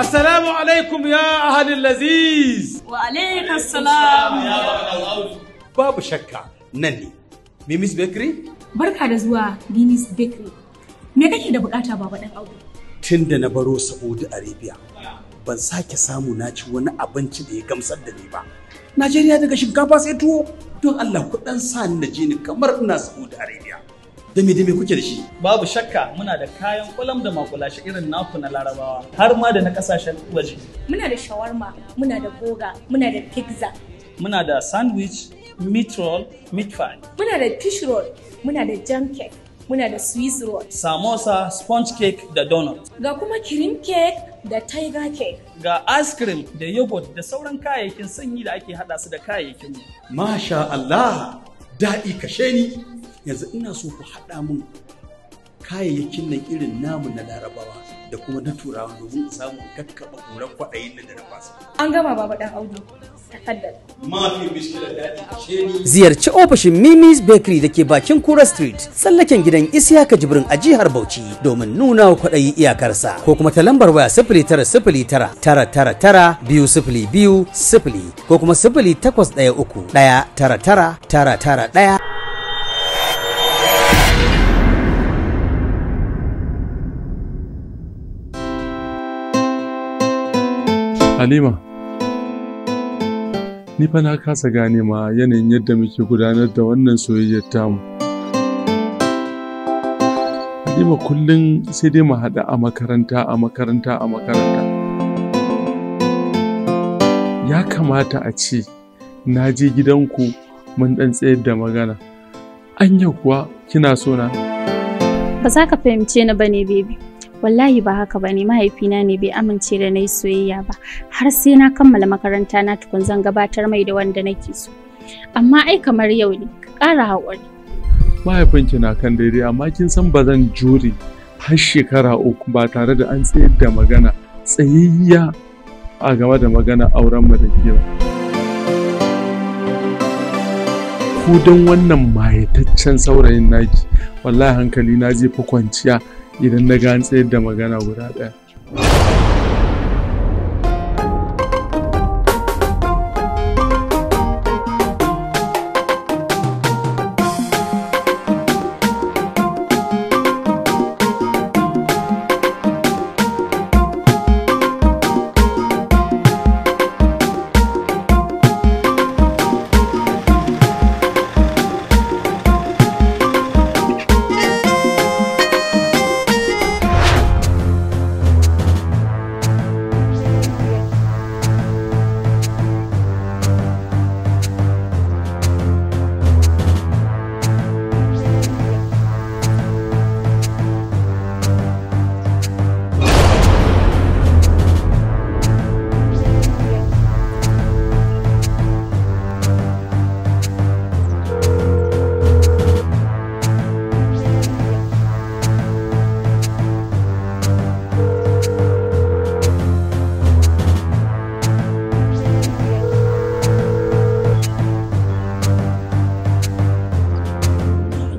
Assalamu alaikum ya ahalin laziz. Wa alaikum salam. Babu shakka nan ne. Mimis Bakery? Barka da zuwa Mimis Bakery. Me kake da bukata baba dan Tun da na baro Saudi Arabia, ban sake samu na ci wani abinci da ya gamsar da ni ba. Najeriya daga shinkafa sai tuwo. Don Allah ku dan sa na je ni kamar ina Saudi Arabia. da me kuke da shi babu shakka muna da kayan kwalam da makulashi irin naku na larabawa har ma da na kasashen waje muna da shawarma muna da goga, muna da pizza muna da sandwich meat roll meat pie muna da fish roll muna da jam cake muna da swiss roll samosa sponge cake da donut ga kuma cream cake da tiger cake ga ice cream da yogurt da sauran kayayyakin sanyi da ake hada su da kayayyakin mu. masha Allah daɗi kashe ni yanzu ina so ku haɗa mun kayayyakin nan irin namu na larabawa da kuma na turawa domin in samu kakkaɓa ƙuran kwaɗayin nan da na fasa. An gama baba ɗan audu ni. Ziyarci ofishin Mimi's Bakery da ke bakin Kura Street tsallaken gidan Isiyaka Jibrin a jihar Bauchi domin nuna wa kwaɗayi iyakarsa ko kuma ta lambar waya sifili tara sifili tara tara tara tara biyu sifili biyu sifili ko kuma sifili takwas ɗaya uku ɗaya tara tara tara tara ɗaya. Halima, ni fa na kasa gane ma yanayin yadda muke gudanar da wannan soyayyar tamu. Halima kullum sai dai mu haɗu a makaranta a makaranta a makaranta. Ya kamata a ce, na je gidanku mun ɗan tsayar da magana. Anya kuwa kina so na? Ba za ka fahimce ni ba ne, baby. wallahi ba haka bane mahaifina ne bai amince da na yi soyayya ba har sai na kammala makaranta na tukun zan gabatar mai da wanda nake so amma ai kamar yau ne ka ƙara haƙuri mahaifinki na kan daidai amma kin san ba zan jure har shekara uku ba tare da an tsayar da magana tsayayya a game da magana auren mu da ke ba ku don wannan mayataccen saurayin naki wallahi hankali na zai fi kwanciya idan na ga an tsayar da magana guda ɗaya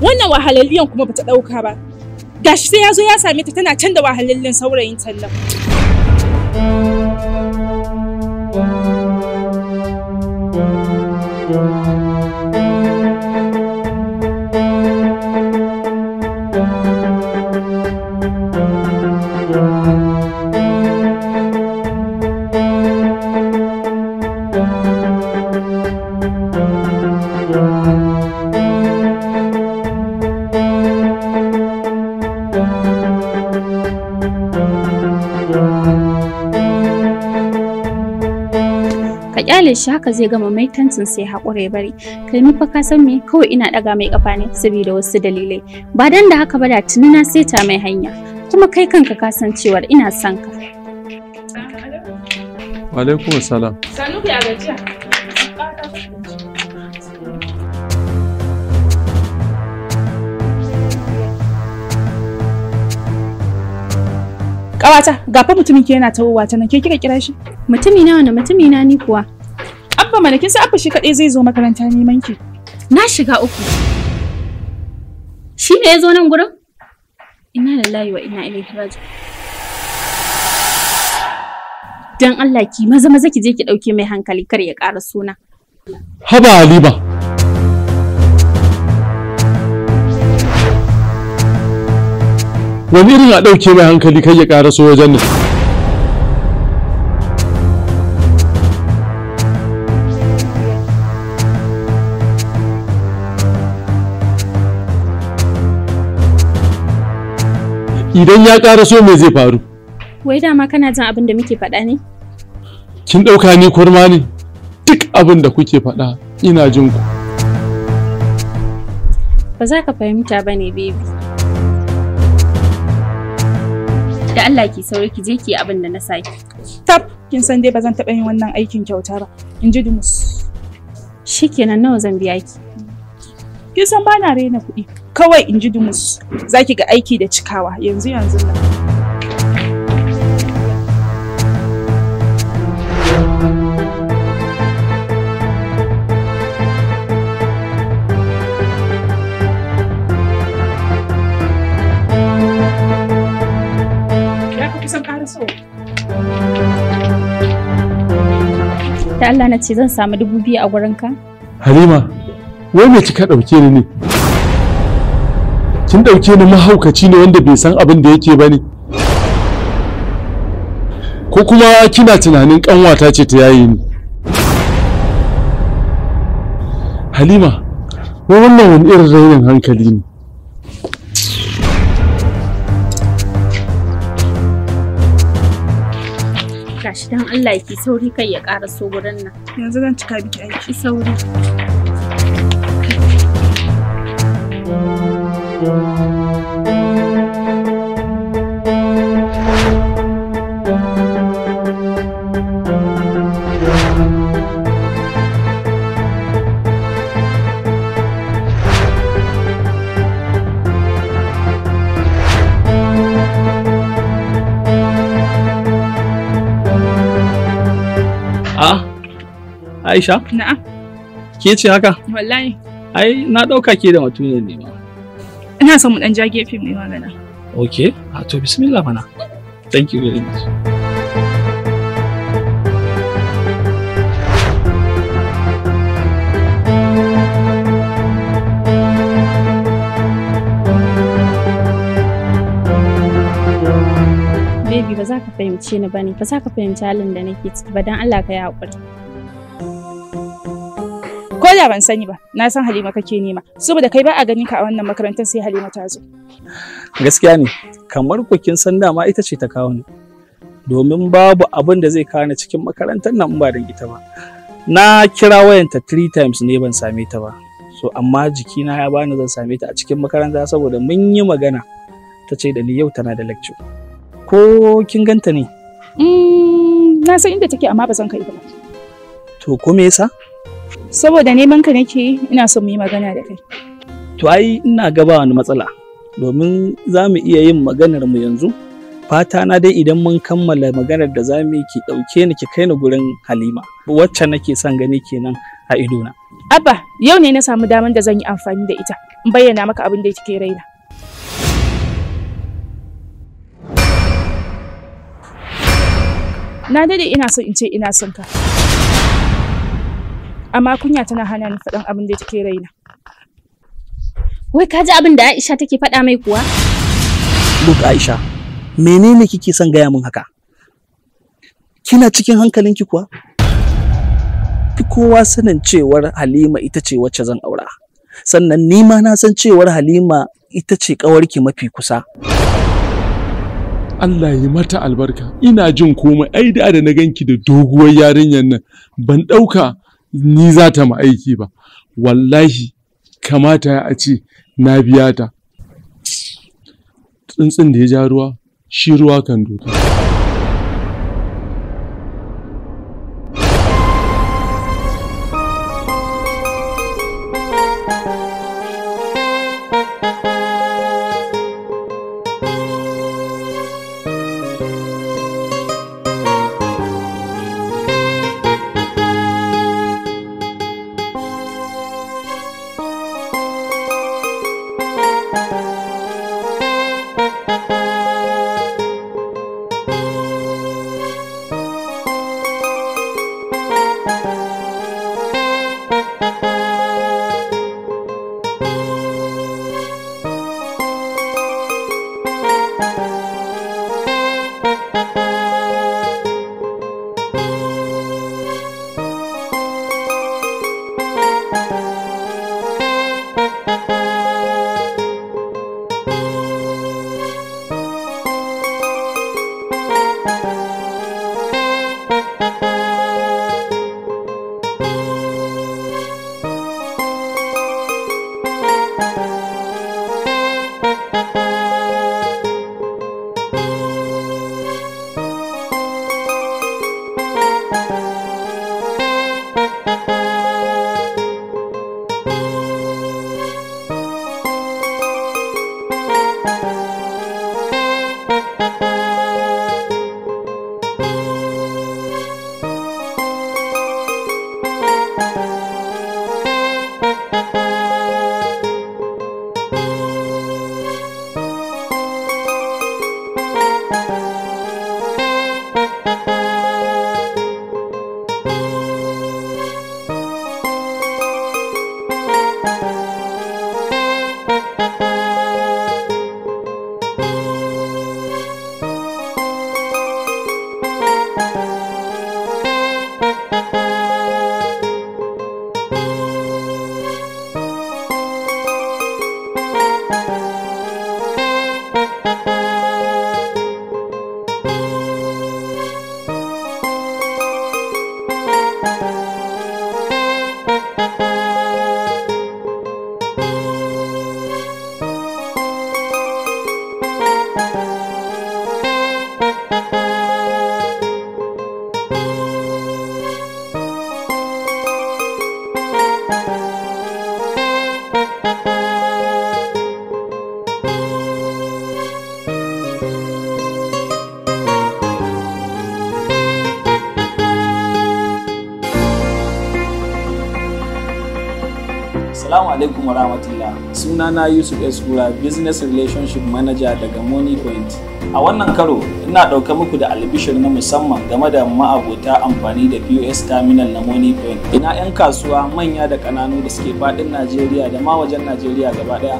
wannan wahalalliyan kuma bata ɗauka ba gashi sai ya zo ya same ta tana can da wahalallin saurayin tallan kyale shi haka zai gama mai maitantin sai haƙura ya bari kai ni fa ka san me kawai ina ɗaga mai ƙafa ne saboda wasu dalilai ba dan da haka ba da tuni na ta mai hanya kuma kai kanka ka san cewar ina son ka wa alaikum salam sanu ya gajiya Ƙawata, gafa mutumin ke yana tawowa ta nan ke kika kira shi? Mutumi na wani mutumi na ni kuwa. haka mana kin san afa shi kaɗai zai zo makaranta neman ki. Na shiga uku. Shi ne ya zo nan gurin? Ina lillahi wa ina ilaihi raji. Dan Allah ki maza maza ki je ki ɗauke mai hankali kar ya ƙara suna. Haba Halima. Wani irin a ɗauke mai hankali kai ya kara so wajen nan. idan ya ƙara so me zai faru wai dama kana jin abin da muke faɗa ne kin ɗauka ni kurma ne duk abin da kuke faɗa ina jin ku ba za ka fahimta ba ne baby da Allah ki sauri ki je ki abin da na saki tab kin san dai ba zan taɓa yin wannan aikin kyauta ba in ji dumus shikenan nawa zan biya ki kin san ba na raina kuɗi kawai in ji dumus za ki ga aiki da cikawa yanzu yanzu nan. Da Allah na ce zan samu dubu biyu a gurinka? Halima, wai mai cika ɗauke ni ne? kin dauke ni mahaukaci ne wanda bai san abin da yake ba ne ko kuma kina tunanin ƙanwata ce ta yayi ni halima wai wannan wani irin rainin hankali ne gashi dan Allah ki sauri kai ya ƙaraso so gurin nan yanzu zan cika biki aiki sauri Ah, Aisha? Na'am. Ke ce haka? Wallahi. Ai na dauka ke da mutum ne ma. ina son mu dan ja gefe mai magana okay a to bismillah mana thank you very much Baby ba za ka fahimce ni ba ne, ba za ka fahimci halin da nake ciki ba don Allah ka yi haƙuri. da ban sani ba na san halima kake nema saboda kai ba a ganin ka a wannan makarantar sai halima ta zo gaskiya ne kamar ku kin san dama ita ce ta kawo ni domin babu abin da zai kawo ni cikin makarantar nan ba dan ita ba na kira wayanta three times ne ban same ta ba so amma jikina ya bani zan same ta a cikin makaranta saboda mun yi magana ta ce da ni yau tana da lecture ko kin ganta ne mm, na san inda take amma ba zan kai ba to ko me yasa Saboda neman ka nake ina son mu yi magana da kai. To ai ina gaba wani matsala domin za mu iya yin maganar mu yanzu. Fata na dai idan mun kammala maganar da za mu ki ɗauke ni ki kai ni gurin Halima. Wacce nake son gani kenan a idona. Abba, yau ne na samu damar da zan yi amfani da ita. In bayyana maka abin da kike raina. Na dade ina so in ce ina son ka. amma kunya tana hana ni faɗan abin da take raina wai ka ji abin da Aisha take faɗa mai kuwa Duk Aisha menene kike son gaya min haka kina cikin hankalinki kuwa fi kowa sanin cewar Halima ita ce wacce zan aura sannan ni ma na san cewar Halima ita ce ƙawarki mafi kusa Allah yi mata albarka ina jin komai ai da na ganki da doguwar yarinyar nan ban ɗauka ni za ta ma aiki ba wallahi kamata a ce na biya ta tsuntsun da ya ja ruwa shi ruwa kan doka muramatila Suna na Yusuf S. Business Relationship Manager daga Money Point. A wannan karo, ina ɗauka muku da albishir na musamman game da ma'abota amfani da POS Terminal na Money Point. Ina 'yan kasuwa manya da ƙananu da suke faɗin Najeriya da ma wajen Najeriya gaba ɗaya.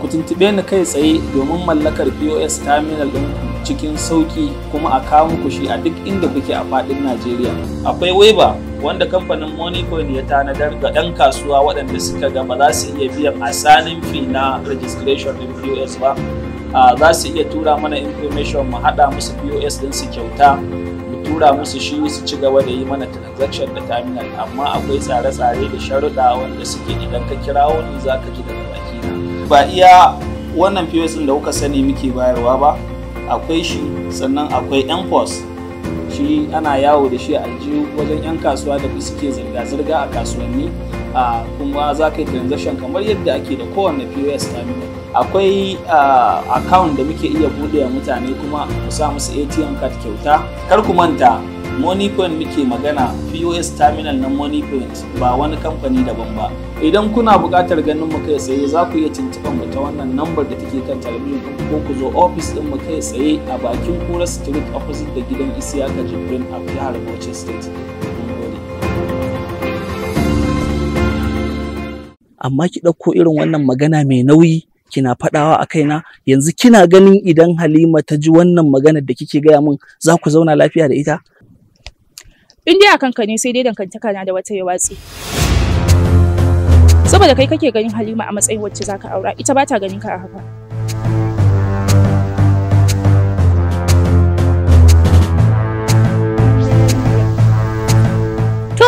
Ku tuntuɓe ni kai tsaye domin mallakar POS Terminal ɗin cikin sauƙi kuma a kawo muku shi a duk inda kuke a faɗin Najeriya. Akwai waiba wanda kamfanin Moniecoin ya tanadar ga ɗan kasuwa waɗanda suka gama za su iya biyan asalin fi na registration in POS ba. Za su iya tura mana information mu haɗa musu POS ɗin su kyauta mu tura musu shi su ci gaba da yi mana transaction da terminal amma akwai tsare-tsare da sharuɗa wanda suke idan ka kirawo ni za ka ji daga baki na. Ba iya wannan POS ɗin da kuka sani muke bayarwa ba akwai shi sannan akwai MPOS shi ana yawo da shi a aljihu wajen 'yan kasuwa da suke zirga-zirga a kasuwanni a kuma za ka yi transaction kamar yadda ake da kowanne pos terminal akwai ah, account da muke iya buɗe mutane kuma mu sa musu atm card kyauta kar ku manta moneypoint muke magana pos terminal na moneypoint ba wani kamfani daban ba idan kuna buƙatar ganin mu kai tsaye za ku iya tuntuɓar mu ta wannan lambar da take kan talabijin ko ku zo ofis ɗin mu kai tsaye a bakin kura street opposite da gidan isiyaka jibrin a jihar bauchi state amma ki ɗauko irin wannan magana mai nauyi kina faɗawa a kaina yanzu kina ganin idan Halima ta ji wannan maganar da kike gaya min za ku zauna lafiya da ita? In dai akan ka ne sai dai dankantaka na da wata ya watsi. Saboda kai kake ganin Halima a matsayin wacce zaka aura ita ba ta ganin ka a haka.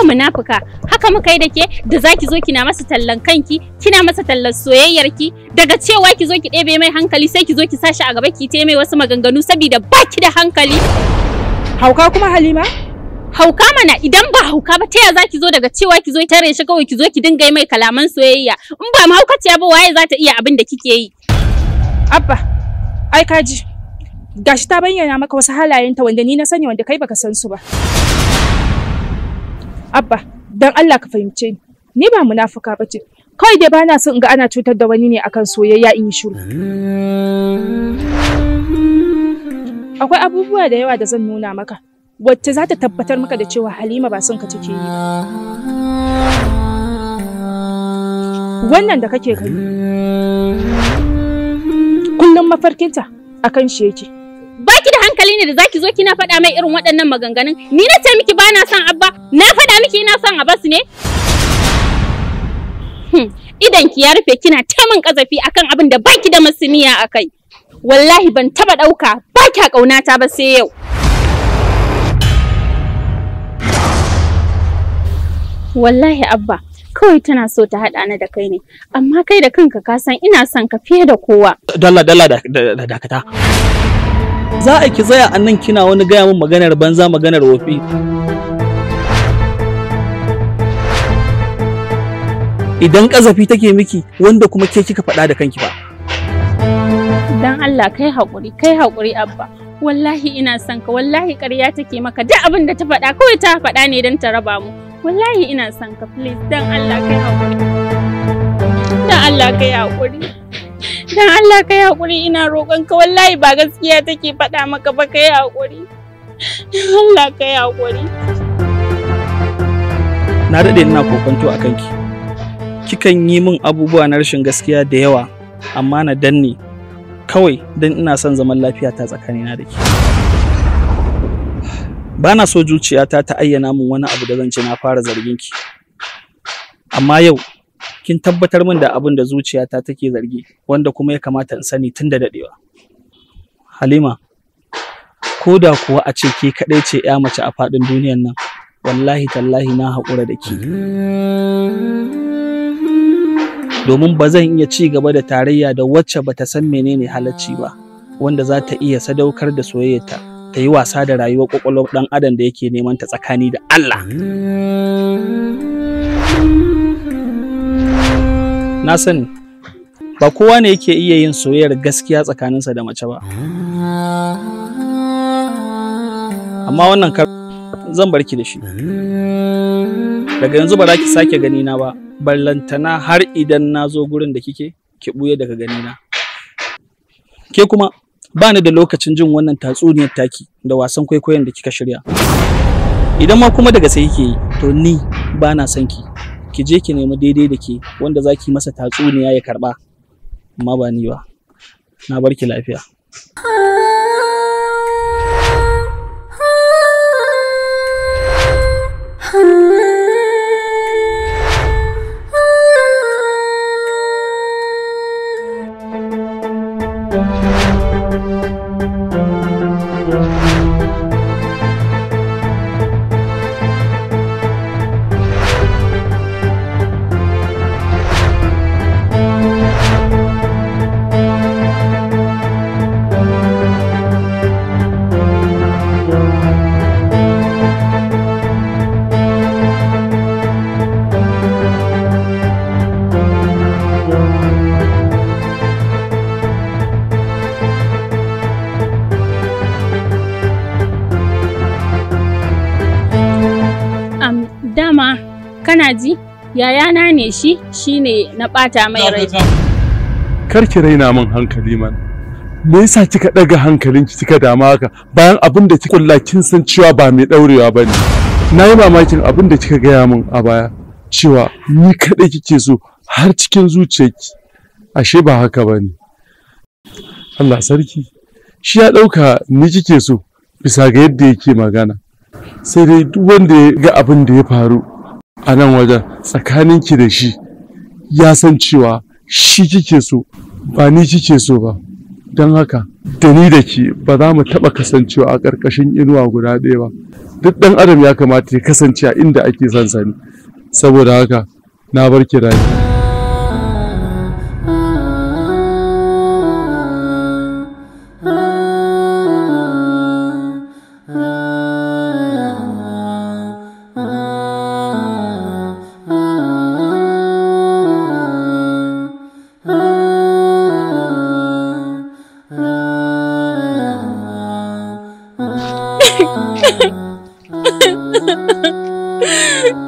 munafuka haka muka yi da ke da zaki zo kina masa tallan kanki kina masa tallan soyayyarki daga cewa ki zo ki ɗebe mai hankali sai ki zo ki sashi a gaba ki te mai wasu maganganu saboda ki da hankali hauka kuma halima hauka mana idan ba hauka ba ta ya za ki zo daga cewa ki zo tare shi kawai ki zo ki dinga mai kalaman soyayya in ba ma haukaciya ba waye za ta iya abin da kike yi abba ai kaji gashi ta bayyana maka wasu halayenta wanda ni na sani wanda kai baka san su ba Abba, dan Allah ka fahimce ni. Ni ba munafuka bace. Kawai dai bana son in ga ana cutar da wani ne akan soyayya in yi shiru. Akwai abubuwa da yawa da zan nuna maka. Wacce za ta tabbatar maka da cewa Halima ba son ka take yi. Wannan da kake gani. Kullum mafarkinta akan shi yake. Baki hankali ne da zaki zo kina faɗa mai irin waɗannan maganganun ni na ce miki bana son abba na faɗa miki ina son abbas ne hmm, idan ki ya rufe kina taimin kazafi akan abin da baki da a kai. wallahi ban taba ɗauka ba kya ƙaunata ba sai yau wallahi abba kawai tana so ta haɗa ni da kai ne amma kai da kanka ka san ina son ka fiye da kowa dalla dalla dakata za a ki tsaya nan kina wani gaya min maganar banza maganar wofi idan kazafi take miki wanda kuma ke kika faɗa da kanki ba dan Allah kai haƙuri kai haƙuri abba wallahi ina son ka wallahi ƙarya take maka duk abin da ta faɗa kawai ta faɗa ne don ta raba mu wallahi ina son ka please dan Allah kai haƙuri dan Allah kai haƙuri Dan Allah ka yi haƙuri ina ka wallahi ba gaskiya take faɗa maka ba ka yi haƙuri. Dan Allah ka yi haƙuri. Na daɗe ina kokonto a kanki. Kikan yi min abubuwa na rashin gaskiya da yawa amma na danne kawai dan ina son zaman lafiya ta tsakanina da ke. Ba na so zuciyata ta ayyana min wani abu da zan ce na fara zargin ki. Amma yau kin tabbatar min da abin da zuciyata take zargi wanda kuma ya kamata in sani tun da dadewa halima ko da kuwa a ce ke kadai ce ya mace a faɗin duniyan nan wallahi tallahi na haƙura da ke domin ba zan iya ci gaba da tarayya da wacce ba ta san menene halacci ba wanda za ta iya sadaukar da soyayyarta ta yi wasa da rayuwar kwakwalwar ɗan adam da yake neman ta tsakani da Allah. na sani ba kowa ne yake iya yin soyayyar gaskiya tsakaninsa da mace ba amma wannan kar zan barki da shi daga yanzu ba za ki sake gani na ba ballantana har idan na zo gurin da kike ki buye daga gani na ke kuma ba ni da lokacin jin wannan tatsuniyar taki da wasan kwaikwayon da kika shirya idan ma kuma daga sai kike yi to ni ba na son ki ki je ki nemi daidai da ke wanda za ki masa tatsuniya ya karba amma ba ni ba na bar ki lafiya ji yayana ne shi shine na bata mai rai kar ki raina min hankali man me yasa kika daga ki kika dama haka bayan abin da kika kulla kin san cewa ba mai daurewa bane na yi mamakin abin da kika gaya min a baya cewa ni kadai kike so har cikin zuciyarki ashe ba haka bane Allah sarki shi ya ɗauka ni kike so bisa ga yadda yake magana sai dai duk wanda ya ga abin da ya faru a nan wajen tsakaninki da shi ya san cewa shi kike so ba ni kike so ba don haka da ni da ki ba za mu taɓa kasancewa a ƙarƙashin inuwa guda ɗaya ba duk ɗan adam ya kamata ya kasance a inda ake son sani saboda haka na bar ki rayu Ha ha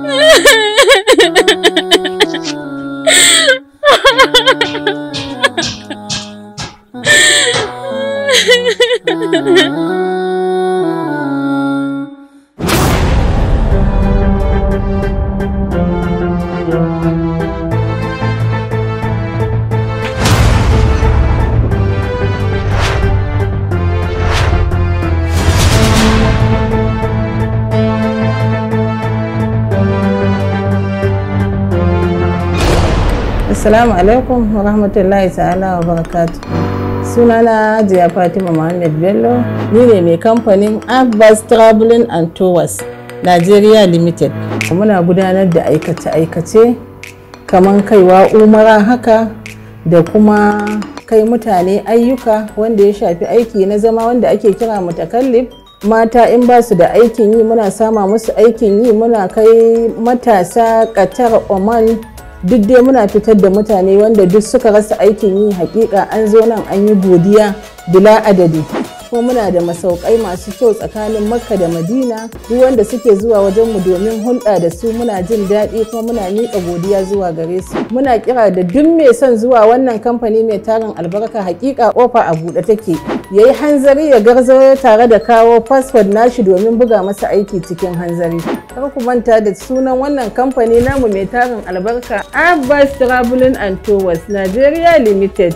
ha! Assalamu alaikum wa rahmatullahi ta'ala wa barakatu. Sunana Hajiya Fatima Muhammad Bello, ni ne mai kamfanin Abbas Traveling and Tours Nigeria Limited. Muna gudanar da aikace-aikace kamar kaiwa umara haka da kuma kai mutane ayyuka wanda ya shafi aiki na zama wanda ake kira mutakallif. mata in ba su da aikin yi muna sama musu aikin yi muna kai matasa katar oman duk dai muna fitar da mutane wanda duk suka rasa aikin yi hakika an zo nan an yi godiya bila adadi ko muna da masaukai masu kyau tsakanin makka da madina duk wanda suke zuwa wajen mu domin hulɗa da su muna jin daɗi kuma muna miƙa godiya zuwa gare su muna kira da duk mai son zuwa wannan kamfani mai tarin albarka hakika ƙofa a buɗe take yayi hanzari ya garzaya tare da kawo fasfod nashi domin buga masa aiki cikin hanzari kar ku manta da sunan wannan kamfani namu mai tarin albarka abbas traveling and tours nigeria limited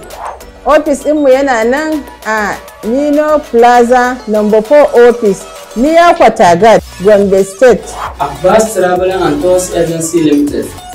ofis ɗinmu yana nan a nino plaza number four office near kwatagat gombe state abbas Travel and tours agency limited